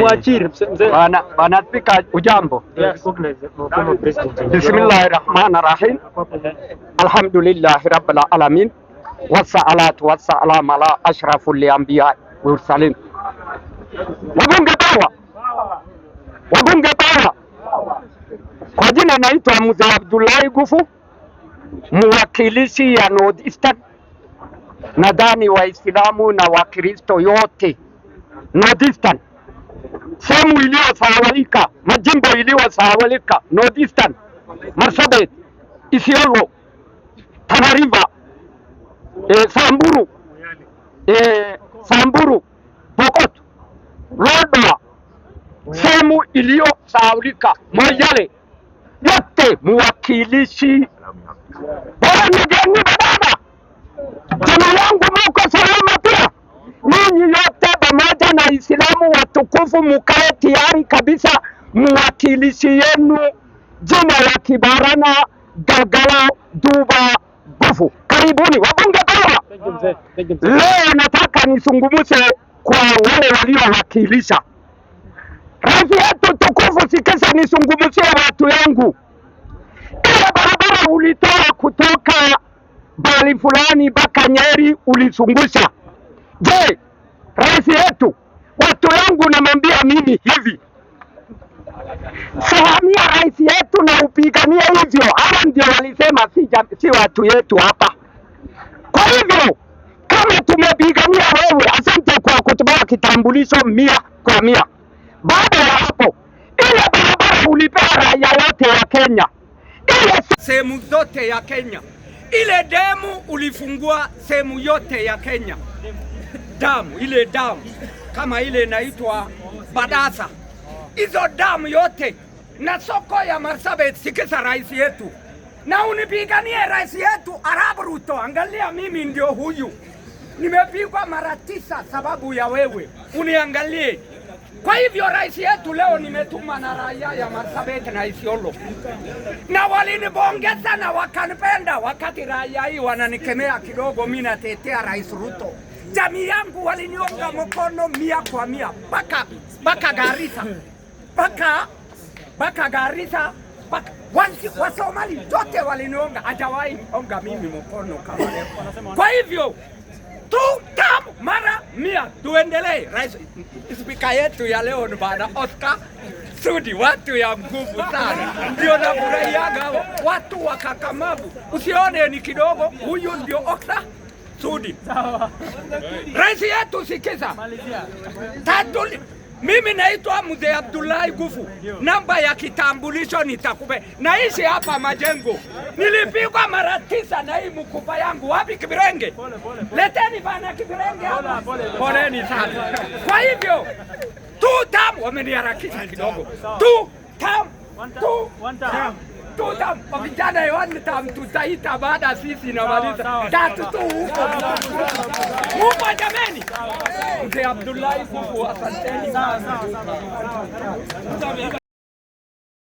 Mwachiri bana, bana Spika, ujambo. Yes. Bismillahi rahmani rahim alhamdulillahi rabbil alamin wassalatu wassalamu ala ashrafil anbiya wal mursalin. Wabunge pawa, wabunge pawa. Kwa jina naitwa Mzee Abdullahi Gufu, mwakilishi ya North Eastern. Nadhani Waislamu na Wakristo yote North Eastern sehemu iliyosahaulika, majimbo iliyosahaulika, Northeastern, Marsabit, Isiolo, Tana River, e, Samburu, e, Samburu, Pokot, Lodwar, sehemu iliyosahaulika Moyale, yote muwakilishi bora nigeni badala Mtakatifu, mkae tayari kabisa, mwakilishi yenu jina la Kibarana Gagala Duba Gufu. Karibuni wabunge bora. Leo nataka nisungumuse kwa wale waliowakilisha Rais yetu tukufu, sikisa nisungumusie watu yangu. Ile barabara ulitoa kutoka bali fulani mpaka Nyeri ulisungusha. Je, watu wangu, namwambia mimi hivi, fahamia rais yetu na upigania hivyo. Hawa ndio walisema si, si watu yetu hapa. Kwa hivyo kama tumepigania wewe, asante kwa kutoa kitambulisho mia kwa mia. Baada ya hapo, ile barabara ulipea raia wote ya Kenya, ile sehemu zote ya Kenya ile demu ulifungua sehemu yote ya Kenya, damu ile damu kama ile inaitwa Badasa, hizo damu yote na soko ya Marsabit. Sikiza rais yetu na unipiganie rais yetu arabu Ruto. Angalia mimi ndio huyu, nimepigwa mara tisa sababu ya wewe, uniangalie. Kwa hivyo rais yetu leo nimetuma na raia ya Marsabit na Isiolo, na walinibongeza na wakanipenda, wakati raia hii wananikemea kidogo, mimi natetea rais Ruto. Jamii yangu waliniunga mkono mia kwa mia mpaka mpaka Garissa mpaka mpaka Garissa mpaka Wasomali wote waliniunga, hajawahi onga mimi mkono kama leo. Kwa hivyo tutam mara mia, tuendelee. Rais spika yetu ya leo ni bana Oscar Sudi, watu ya nguvu sana, ndio nafurahiaga watu wakakamavu. Usione ni kidogo, huyu ndio Oscar Sudi, rais yetu, sikiza tatu. Mimi naitwa Mzee Abdullahi Gufu, namba ya kitambulisho nitakupe. Naishi hapa Majengo, nilipigwa mara tisa na hii mkupa yangu. Wapi Kibirenge? Leteni bana Kibirenge hapa, poleni sana. Kwa hivyo tu tam, wameniharakisha kidogo tu tam, tu tam tuta vijana hewani, tamtutaita baada ya sisi inamaliza tatu tu huko huko. Jameni, mzee Abdullahi Kuku, asanteni.